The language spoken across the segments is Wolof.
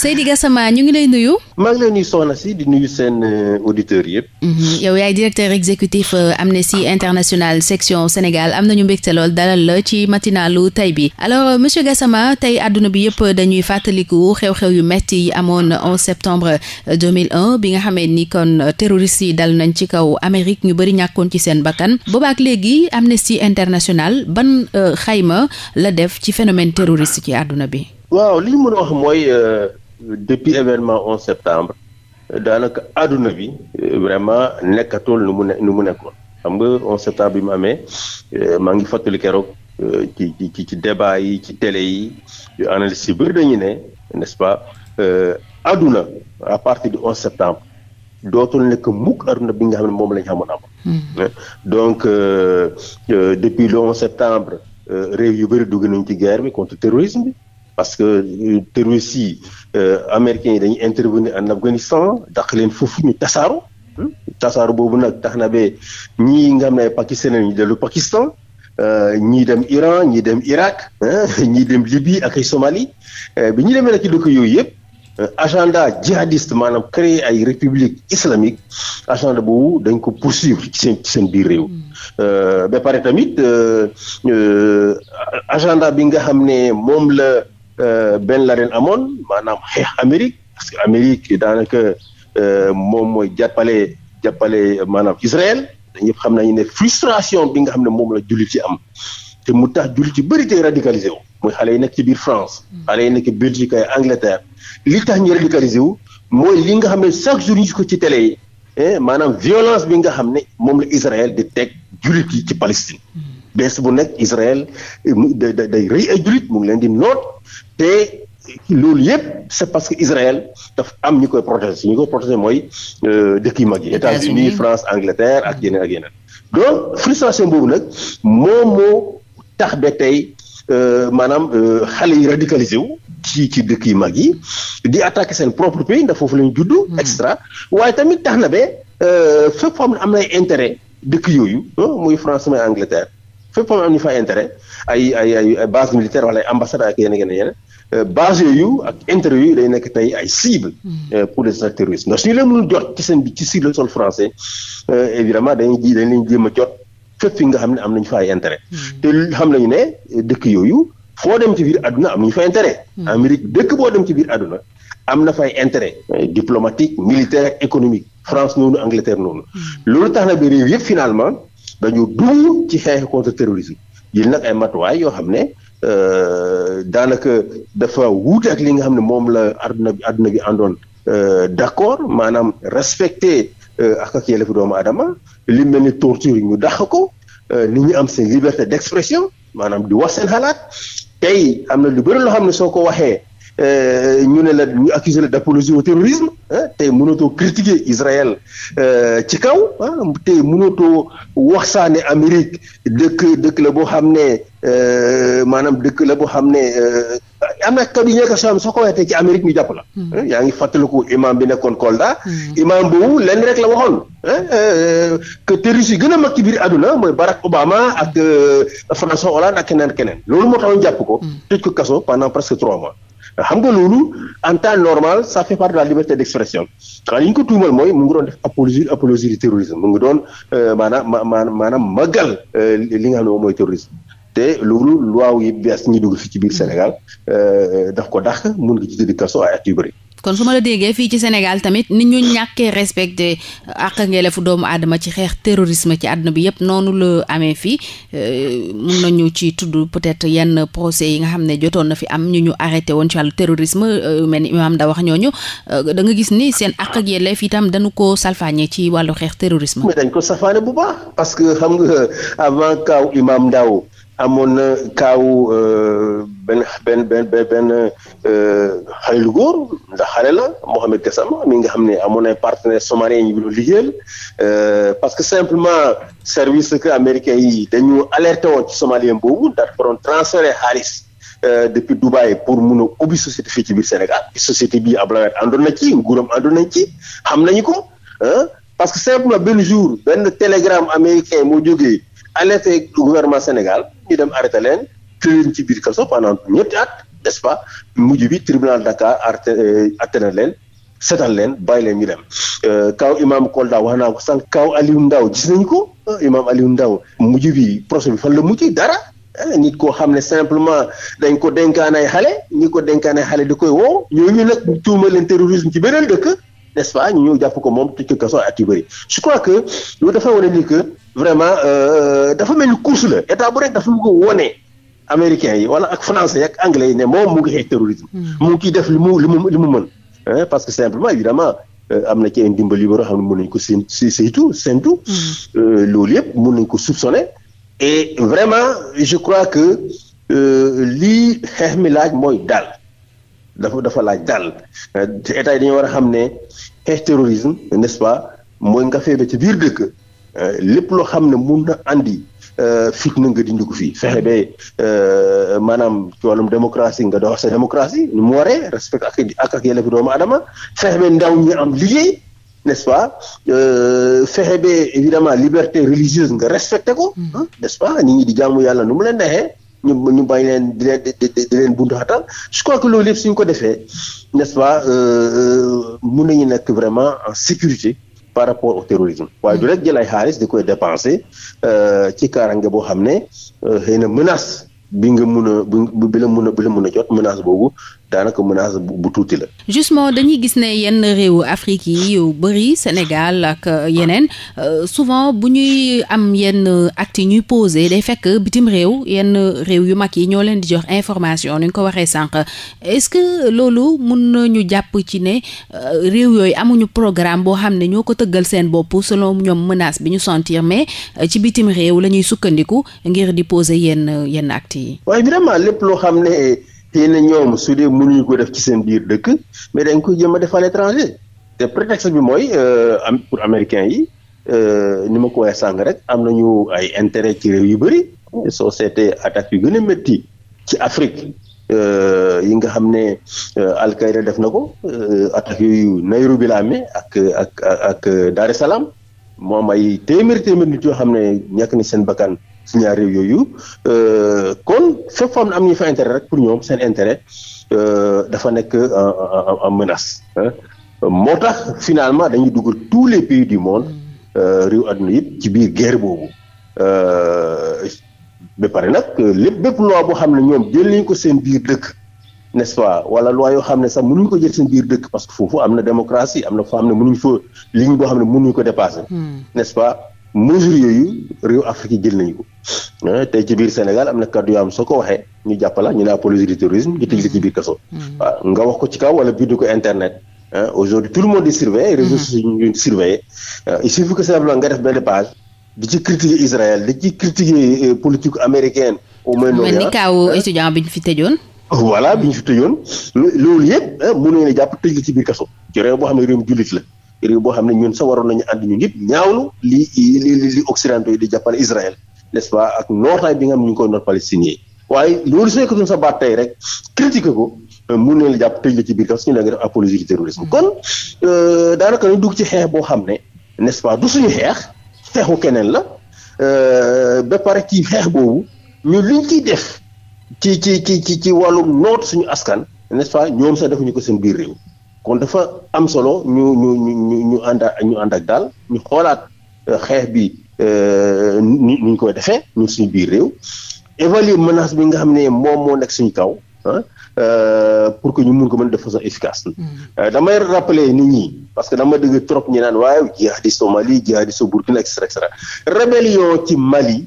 Seydi Gassama ñu ngi lay nuyu. maa ngi lay nuyu soxna si di nuyu seen euh, auditeurs yëpp. Mhm. yow yaay directeur exécutif euh, Amnesty International section Sénégal am na nañu mbégte lool dalal la ci matinalu tey bi alors euh, monsieur Gassama tey àdduna bi yëpp dañuy fàttaliku xew-xew yu metti yi amoon 11 septembre 2001 bi nga xamee ni kon terroristes yi dal nañ ci kaw Amérique ñu bëri ñàkkoon ci seen bakkan boobaak léegi Amnesty International ban xayma la def ci phénomène terroriste ci àdduna bi. depuis événement 11 septembre daanaka adduna bi euh, vraiment nekkatul nu mu ne nu mu nekkoon xam nga 11 septembre bi mu amee euh, maa ngi fàttali keroog euh, ci ci ci débat yi ci télé yi analyste yi bëri dañu ne n'est-ce pas à partir du 11 septembre dootul nekk mukk àdduna bi nga xam ne moom lañ ñu xamoon am. Hmm. donc depuis le 11 septembre réew yu bëri dugg nañ ci guerre contre terrorisme bi. parce que euh, terroristes yi euh, américains yi dañuy intervenir en Afghanistan dàq leen foofu ñu tasaaro tasaaro boobu nag tax na ba ñii nga xam ne ay pakistanais ñu dellu Pakistan euh, ñii dem Iran ñii dem Irak ñii dem Libye ak ay Somalie bi ñu demee nag ci dëkk yooyu yëpp agenda jihadiste maanaam créer ay république islamique agenda boobu dañ ko poursuivre ci seen seen biir réew. ba pare tamit agenda bi nga xam ne moom la Euh, ben Laden amoon maanaam xeex Amérique parce que Amérique daanaka euh, moom mooy jàppale jàppale maanaam Israël ñëpp xam nañu ne frustration bi nga xam ne moom la jullit yi am te mu tax jullit yi bëri tey radicalisé wu mooy xale yi nekk ci biir France mm. xale yi nekk Belgique ay Angleterre li tax ñu radicalisé wu mooy li nga xam ne chaque jour ñu ko ci télé yi maanaam violence bi nga xam ne moom la Israël di teg jullit yi ci Palestine mm. bés bu nekk Israël eh, day day rëy ay jullit mu ngi leen di noot te eh, loolu yëpp c'est parce que Israël daf am ñu koy protéger ñu koy protéger mooy euh, dëkk yu mag yi États-Unis France Angleterre ak mm. yeneen ak yeneen donc frustration boobu nag moom moo tax ba tey euh, maanaam euh, xale yi radicalisé wu ci ci dëkk yu mag yi di attaquer seen propre pays ndax foofu la juddu judd mm. waaye tamit tax na ba fépp foo xam ne am na ay dëkk yooyu muy France muy Angleterre fépp am ñu fa intérêt ay ay ay base militaire wala ay ambassade ak yeneen yeneen yeneen euh, base yooyu ak intérêt yooyu day nekk tey ay cible hmm. euh, pour les acteurs terroristes ndax suñu leen mënul jot ci seen bi ci sur le sol français euh, évidemment dañuy dañ leen jéem a jot fépp fi nga xam ne am nañu fa ay intérêt hmm. te xam nañu ne dëkk yooyu foo dem ci biir àdduna am nañu fa intérêt hmm. Amérique dëkk boo dem ci biir àdduna am na fay intérêt diplomatique militaire ak économique France noonu Angleterre noonu loolu tax na bi dañu du ci xeex contre terrorisme jël nag ay matuwaay yoo xam ne euh, daanaka dafa wuute ak li nga xam ne moom la adduna bi adduna bi àndoon euh, d'accord maanaam respecté euh, ak ak yelleefu doomu aadama li mel ni torture ñu dàq ko nit ñi am seen liberté d'expression maanaam di wax seen xalaat tey am na lu bëri loo xam ne soo ko waxee Euh, ñu ne la ñu accuser la d'apologie au terrorisme tey mënatoo critiquer Israël euh, ci kaw tey mënatoo wax saa ne Amérique dëkk dëkk la boo xam ne euh, maanaam dëkk la boo xam ne am na kàddu yi ñu nekk soo ko waxee ci Amérique ñu jàpp la. Hmm. yaa ngi fàttaliku imam bi nekkoon Kolda. Hmm. imam boobu lenn rek la waxoon. que terroristes yi gën a mag ci biir àdduna mooy Barack Obama ak François Hollande ak keneen keneen loolu moo tax ñu jàpp ko. Hmm. tëj ko kaso pendant presque trois mois. xam nga loolu en temps normal sa fait part de la liberté d'expression xanaa li ñu ko tuumal mooy mu ngi doon def apologie apologie du terrorisme mu ngi doon euh, maanaam maanaam magal euh, li nga xam ne moom mooy terrorisme te lu lu loi yi bees ñi dugg fi ci biir Sénégal euh, daf ko dàq mun nga ci tëdd kaso ay at yu kon su ma la déggee fii ci Sénégal tamit nit ñu ñàkkee respecté euh, àq ngelefu doomu aadama ci xeex terrorisme ci àdduna bi yépp noonu la amee fii euh, mun nañu ci tudd peut-être yenn procès yi nga xam ne jotoon na fi am ñu ñu arrêté woon ci wàllu terrorisme euh, mel ni imaam da wax ñooñu da nga gis ni seen àq ak yelleef itam dañu ko salfaañe ci wàllu xeex terrorisme. mais dañ ko salfaañe bu baax parce que xam nga avant kaw imaam Ndao amoon na kaw. benn benn benn benn euh, xale lu góor xale la Mohamed Gassama mi nga xam ne amoon ay partenaires somaliens ñu doon liggéeyal euh, parce que simplement service que américain yi dañu alerté woon ci somalien boobu daal ko doon transféré xaalis. Euh, depuis Dubaï mun a ci biir Sénégal société bii Abdoulaye àndoon na ci nguuram àndoon nañ ci xam nañu ko parce que simplement benn jour benn télégramme américain moo jógee alerté gouvernement Sénégal ñu dem arrêté leen tëjoon ci biir kaso pendant ñetti at n'est-ce pas mujj bi tribunal Dakar euh, atte na leen setal leen bàyyi leen ñu dem euh, kaw imam Kolda wax naa ko sànq kaw Aliou Ndao gis nañu ko euh, imam Aliou ndaw mujj bi procès bi fan la mujj dara nit koo xam ne simplement dañ ko dénkaan xale ñi ko dénkaan xale di koy woo ñooñu nag tuuma leen terrorisme ci beneen dëkk n'est-ce pas ñu jàpp ko moom tëj ko kaso at yu bëri je crois que loolu dafa wane nii que vraiment dafa mel ni course la état bu rek dafa ko wone américains yi wala ak français yi ak anglais yi ne moom mu ngi xeex terrorisme. Hmm. mu ngi ciy def li mu li mu mën. Eh, parce que simplement évidemment euh, am na ci ay ndimbal yu xam ne mën nañu ko seen si saytu hmm. euh, loolu yëpp mën nañu ko soupçonner. et vraiment je crois que euh, lii xeex mi laaj mooy daal dafa laaj daal te état war a xam ne xeex terrorisme n'est-ce nga feebe ci biir dëkk lépp loo xam ne mun na andi. Euh, fitna nga dindi ko fii fexe ba euh, maanaam ci wàllum démocratie nga dox sa démocratie nu mu waree respect ak ak ak yelleefu doomu adama fexe ba ndaw ñi am liggéey n'est-ce pas euh, fexe ba évidemment liberté religieuse nga respecté ko mm-hmm. n'est-ce pas ñi di jaamu yàlla nu mu leen neexee ñu ñu bàyyi leen di leen di leen buntu xatal je crois que loolu yëpp suñ ko defee n'est-ce pas mun ñu nekk vraiment en sécurité par rapport au terrorisme waaye du hmm. rek ay xaalis di koy dépenser euh, ci kaarange boo xam ne euh, xëy na menace bi nga mun a bi la mun a bi mun a jot menace boobu daanaka menace bu tuuti la. justement dañuy gis ne yenn réew Afrique yi yu bëri Sénégal ak euh, yeneen euh, souvent bu ñuy am yenn actes yi ñuy posé day fekk bitim réew yenn réew yu mag yi ñoo leen di jox information ni ko waxee sànq est-ce que loolu mun nañu jàpp ci ne euh, réew yooyu amuñu programme boo xam ne ñoo ko tëggal seen bopp selon ñoom menace bi ñu sentir mais ci bitim réew la ñuy sukkandiku ngir di poser yenn yenn actes yi. waaye vraiment lépp loo xam ne. xëy na ñoom su dee mënuñu ko def ci seen biir dëkk mais dañ ko jéem a def à te prétexte bi mooy euh, am pour américain yi euh, ni ma ko waxee sàng rek am nañu ay intérêt ci réew yu bëri soo seetee attaque yu gën a métti ci Afrique euh, yi nga xam ne Al-Qaïda def na ko attaque yooyu Nairobi la amee ak ak ak Dar moom ay téeméeri téeméeri nit yoo xam ne ñàkk na seen bakkan si ñaari réew yooyu euh, kon fépp foo am ñu fa intérêt rek pour ñoom seen intérêt euh, dafa nekk en menace moo tax finalement dañuy dugal tous les pays du monde euh, réew àdduna yëpp ci biir guerre boobu ba pare nag lépp bépp loi boo xam ne ñoom jël nañ ko seen biir dëkk n'est-ce pas wala yoo xam ne sax mënuñ ko jël seen biir dëkk parce que foofu am na démocratie am na foo xam ne mënuñ fa ligne boo xam ne nuñ ko dépasser hmm. n'est-ce pas yooyu réew Afrique jël nañu ko Eh, tey ci biir Sénégal am na kàddu yoo am soo ko waxee ñu jàppala ñu ne apologie du terrorisme ñu tëj la ci biir kaso mm. ah, nga wax ko ci kaw wala bind ko internet eh, aujourd'hui tout le monde est surveillé réseaux mm. sociaux ñu surveillé eh, il suffit que simplement nga def ci critiquer Israël di ci critiquer politique américaine au moins noonu mel ni kaaw étudiant bi ñu fi tëjoon voilà bi ñu fi tëjoon loolu yëpp mënoo ne jàpp tëj la ci biir kaso ci boo xam ne réewum jullit la réew boo xam ne ñun sax waroon nañu ànd ñun yëpp ñaawlu li li li occidentaux yi di jàppale Israël n'est-ce pas ak nootaay bi nga xam ñu ngi koy noot palestiniens yi waaye loolu su nekkatoon sa baat tey rek critiqué ko euh, mun nañ la jàpp tëj la ci biir kaso suñu la nga def apologie du terrorisme mm. kon euh, dugg ci xeex boo xam ne n'est-ce pas du xeex xeexu keneen la euh, ba pare ci xeex boobu ñu liñ ciy def ci ci ci ci ci wàllu noot suñu askan n'est-ce ñoom sax defuñu ko seen biir kon dafa am solo ñu ñu ñu ñu ànd ñu ànd ak daal ñu xoolaat xeex bi Euh, ni ñu koy defee ñun suñu biir réew évaluer menace bi nga xam ne moom moo nekk suñu kaw ah pour que ñu mun ko mën def façon efficace. Mm. Euh, damay rappeler nit ñi parce que dama dëgg trop ñu naan waaye jihadiste au Mali jihadiste au Burkina et cetera et cetera rébellion ci Mali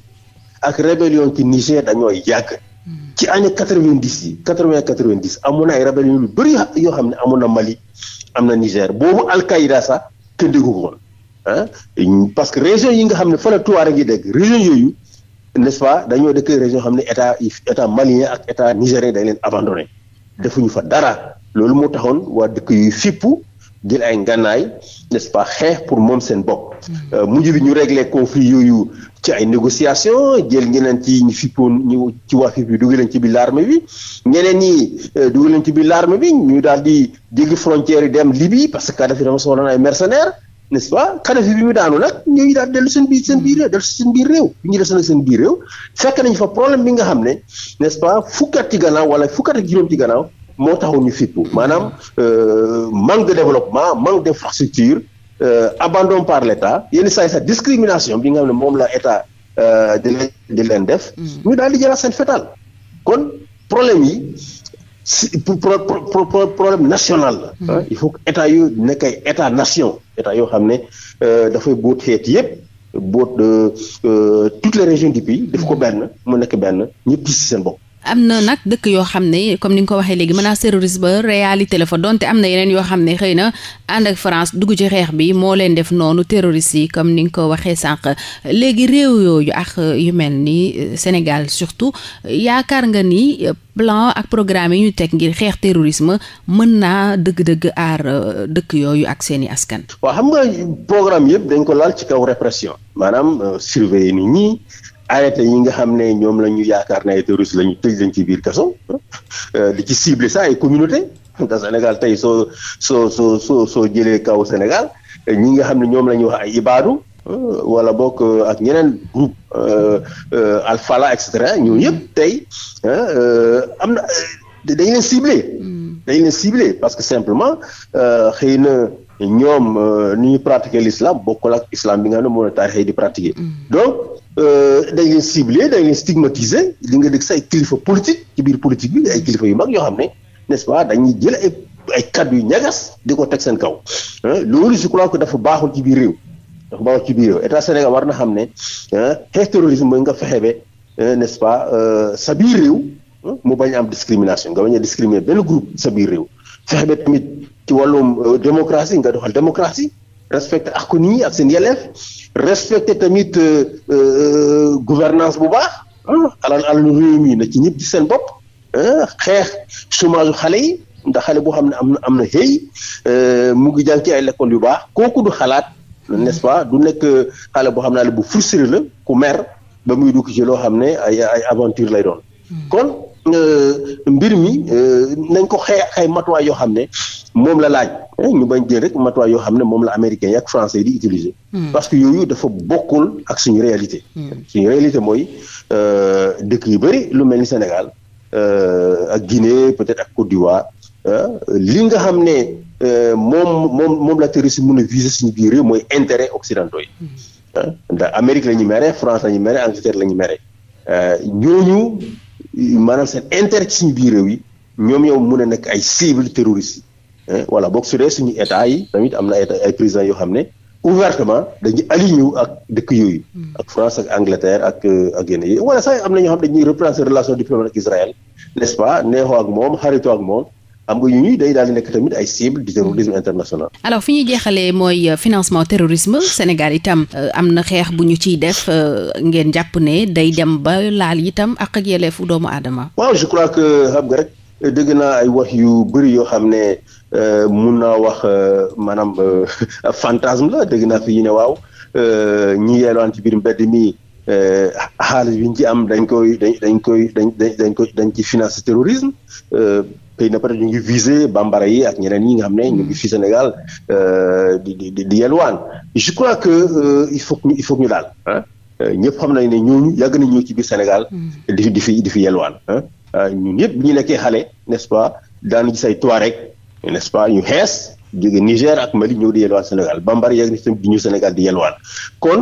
ak rébellion ci Niger dañoo yàgg. Mm. ci année quatre vingt dix yi quatre vingt quatre vingt dix amoon na ay rébellion yu bëri yoo xam ne amoon na Mali am na Niger boobu Al sax kenn déggu ko ah parce que région yi nga xam ne fa la Touareg rek yi dëkk région yooyu nest pas dañoo dëkk région xam ne état état malien ak état nigérien dañ leen abandonné defuñu fa dara loolu moo taxoon waa dëkk yuy fippu jël ay ngànnaay n'est-ce pas xeex pour moom seen bopp mm-hmm. euh, mujj bi ñu régler conflit yooyu ci ay négociation jël ñeneen ci ñu fippoon ñu ci waa fipp bi dugal leen ci biir l'armée bi ñeneen ñi euh, dugal leen ci biir l'armée bi ñu daal di jéggi frontière yi dem Libye parce que Kadhafi dafa soxla ay mercenaires n'est-ce pas Kadhafi bi mu daanu nag ñooñu daal dellu seen biir seen biir réew dellu seen biir réew fekk nañ fa problème bi nga xam ne n'est-ce pas fukki at ci gannaaw wala fukki at ak juróom ci gannaaw moo taxu ñu fippu maanaam euh, manque de développement manque d'infrastructure euh, abandon par l'État yenn saa yi sax discrimination bi nga xam ne moom la État euh, di leen di leen def mm. ñu daal di jëlaat seen fetal kon problème yi si pour problème national mm-hmm. ah, il faut que état yu nekk ay état nation état yoo xam ne euh, dafay boot xeet yëpp boot euh, euh, toutes les régions du pays def ko benn mu nekk benn ñëpp si seen bopp. am na nag dëkk yoo xam ne comme ni nga ko waxee léegi menace terroriste ba réalité la fa donte am na yeneen yoo xam ne xëy na ànd ak France dugg ci xeex bi moo leen def noonu terroriste yi comme ni nga ko waxee sànq léegi réew yooyu ak yu mel nii euh, Sénégal surtout yaakaar nga ni euh, plan ak programme yi ñu teg ngir xeex terrorisme mën naa dëgg-dëgg aar euh, dëkk yooyu ak seeni askan. waaw xam nga programme yëpp dañ ko laal ci kaw répression maanaam surveiller nit arrêté ñi nga xam ne ñoom la ñu yaakaar ne ay terroristes la ñu tëj leen ci biir kaso di ci cible sax ay communauté da Sénégal tey soo soo soo soo soo jëlee kaw Sénégal ñi nga xam ne ñoom la ñuy wax ay ibaadu wala bokk ak ñeneen groupe euh, euh, alfala et cetera ñoo yëpp tey euh, am na dañ leen ciblé. Mm. dañ leen ciblé parce que simplement xëy na ñoom ni ñu pratiquer l'islam bokkul ak islam bi nga xam ne moom la taarix yi di pratiquer mm. donc Euh, dañ leen ciblé dañ leen stigmatisé li nga dégg sax ay kilifa politique ci biir politique bi ay kilifa yu mag yoo xam ne n'est-ce pas dañuy jël ay ay yu ñagas di ko teg seen kaw loolu je crois que dafa baaxul ci biir réew dafa baaxul ci biir réew état Sénégal war na xam ne xeex terrorisme mooy nga fexe ba n'est-ce pas euh, sa biir réew mu bañ am discrimination nga bañ a discriminer benn groupe sa biir réew fexe ba tamit ci wàllum euh, démocratie nga doxal démocratie respecté ak ko nit ñi ak seen yelleef respecté tamit euh, euh, gouvernance bu baax alal alal réew mi na ci ñëpp ci seen bopp xeex chômage u xale yi ndax xale boo xam ne am na am na xëy euh, mu ngi jàng ci ay lekkool yu baax kooku du xalaat n'est-ce du nekk xale boo xam ne bu frustré la ku mer ba muy dugg ci loo xam ne ay ay aventure lay doon kon euh, mbir mi euh, nañ ko xee ay matuwaay yoo xam ne moom la laaj eh, ñu bañ jël rek matuwaay yoo xam ne moom la américain yi ak français yi hmm. parce que yooyu dafa bokkul ak suñu réalité. Hmm. suñu réalité mooy euh, dëkk yu bëri lu mel ni Sénégal ak Guinée peut-être ak Côte d'Ivoire nga xam ne. moom moom moom la terroriste mën a mooy intérêt occidentaux yi hmm. ñu mere France la ñu mere Angleterre la ñu mere ñooñu maanaam seen intérêt ci suñu biir réew yi ñoom yow mun a nekk ay cible terroriste yi voilà boog su dee suñu état yi tamit am na ay présidents yoo xam ne ouvertement dañuy aligné wu ak dëkk yooyu hmm. ak France ak Angleterre ak euh, ak yenn yi wala sax am na ñoo xam dañuy replacer relation diplomatique ak Israël n'est-ce ak moom xaritoo ak moom am nga ñuy day daal nekk tamit ay cible du terrorisme international. alors fi ñuy jeexalee mooy euh, financement terrorisme Sénégal itam euh, am na xeex bu ñu ciy def euh, ngeen jàpp ne day dem ba laal itam ak ak yelleefu doomu aadama. waaw je crois que xam nga rek dëgg naa ay wax yu bëri yoo xam ne mun naa wax maanaam fantasme la dëgg naa fi ñu ne waaw ñi yeelwaan ci biir mbedd mi. xaalis bi ñu ci am dañ koy dañ dañ koy dañ dañ dañ koy dañ ci financé terrorisme xëy na peut-être ñu ngi visé bambara yi ak ñeneen ñi nga xam ne ñu ngi fi Sénégal euh, di di yelwaan je crois que euh, il faut que ñu ñu daal ah ñëpp xam nañ ne ñooñu yàgg nañ ñëw ci biir Sénégal. Mm. di fi di fi di yelwaan ah ñun ñëpp ñu nekkee xale n'est-ce pas daanu gis ay Touareg ñu xees. jóge Niger ak Mali ñëw di yelwaan Sénégal bambara yeeg ni di ñu Sénégal di yelwaan kon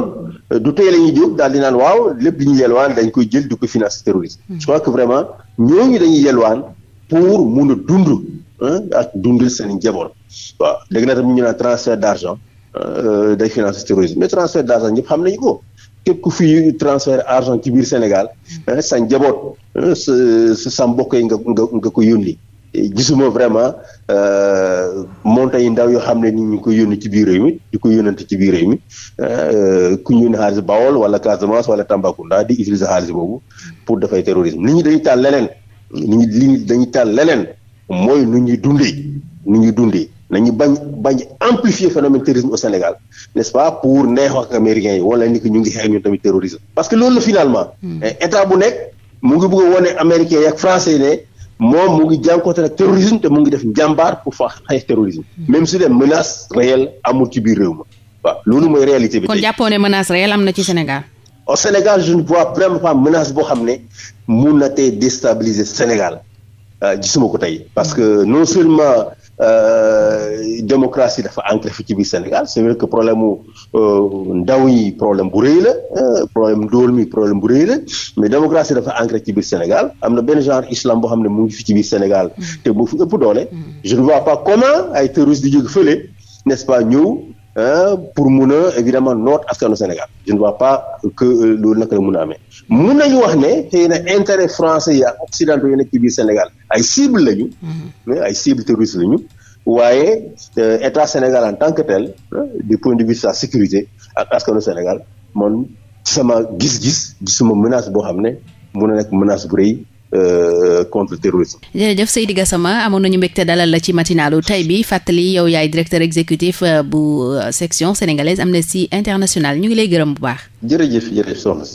du tey la ñuy jóg di naan waaw lépp di ñu yelwaan dañ koy jël di ko financer terrorisme mm. je crois que vraiment ñooñu dañuy pour mun a dund ak dundal seen njaboot waaw léegi nag ñu naan transfert d' argent euh, day financer terrorisme mais transfert d' argent ñëpp xam nañu ko képp ku fi transfert argent ci biir Sénégal sa njaboot sa sa mbokk yi nga nga nga ko yónni gisuma vraiment euh, montagne yi ndaw yoo xam ne ni ñu ko yónni ci biir réew mi di ko yónnante ci biir réew mi euh, ku ñu yónni xaalis Bawol wala Casamance wala Tambacounda di utiliser xaalis boobu pour dafay terrorisme nit ñi dañuy taal leneen. li ñu dañu taal leneen mooy nu ñuy dundee nu ñuy dundee nañu bañ bañ amplifier phénomène terrorisme au Sénégal n'est-ce pas pour neex ak américains yi wala ni que ñu ngi xeex ñun tamit terrorisme. parce que loolu la finalement. Hmm. état bu nekk mu ngi bëgg a wane américains yi ak français yi ne moom mu ngi jànkuwante ak terrorisme te mu ngi def njàmbaar pour fa xeex terrorisme. Hmm. même si des menaces réelles amul ci biir réew ma waaw loolu mooy réalité bi. kon jàppoo ne menace réelle am na ci Sénégal. au Sénégal je ne vois vraiment pas menace boo xam ne mun na tey déstabiliser Sénégal euh, gisuma ko tey parce que mm. non seulement Euh, démocratie dafa ancré fi ci biir Sénégal c'est vrai que problème mu euh, ndaw yi problème bu rëy la euh, problème ndóol mi problème bu rëy la mais démocratie dafa ancré ci biir Sénégal am na benn genre islam boo xam ne mu ngi fi ci biir Sénégal mm. te mu fi ëpp doole mm. je ne vois pas comment ay terroristes di jóg fële n'est-ce pas ñëw Euh, pour mun a évidemment noot askanu Sénégal je ne vois pas euh, loolu naka la mun a amee mun ñu wax ne te na intérêt français yi ak occidentaux yi nekk ci biir Sénégal ay cible lañu mhm. euh, ay cible terroriste lañu waaye état Sénégal en tant que tel du point de vue sa sécurité ak askanu Sénégal man ci sama gis-gis suma menace boo xam ne mun na nekk menace bu rëy Euh, contre terrorisme. jërëjëf Seydi Gassama amoon nañu mbégte dalal la ci matinalu tey bi fàttali yow yaay directeur exécutif euh, bu euh, section sénégalaise Amnesty International ñu ngi lay gërëm bu baax. jërëjëf jërëjëf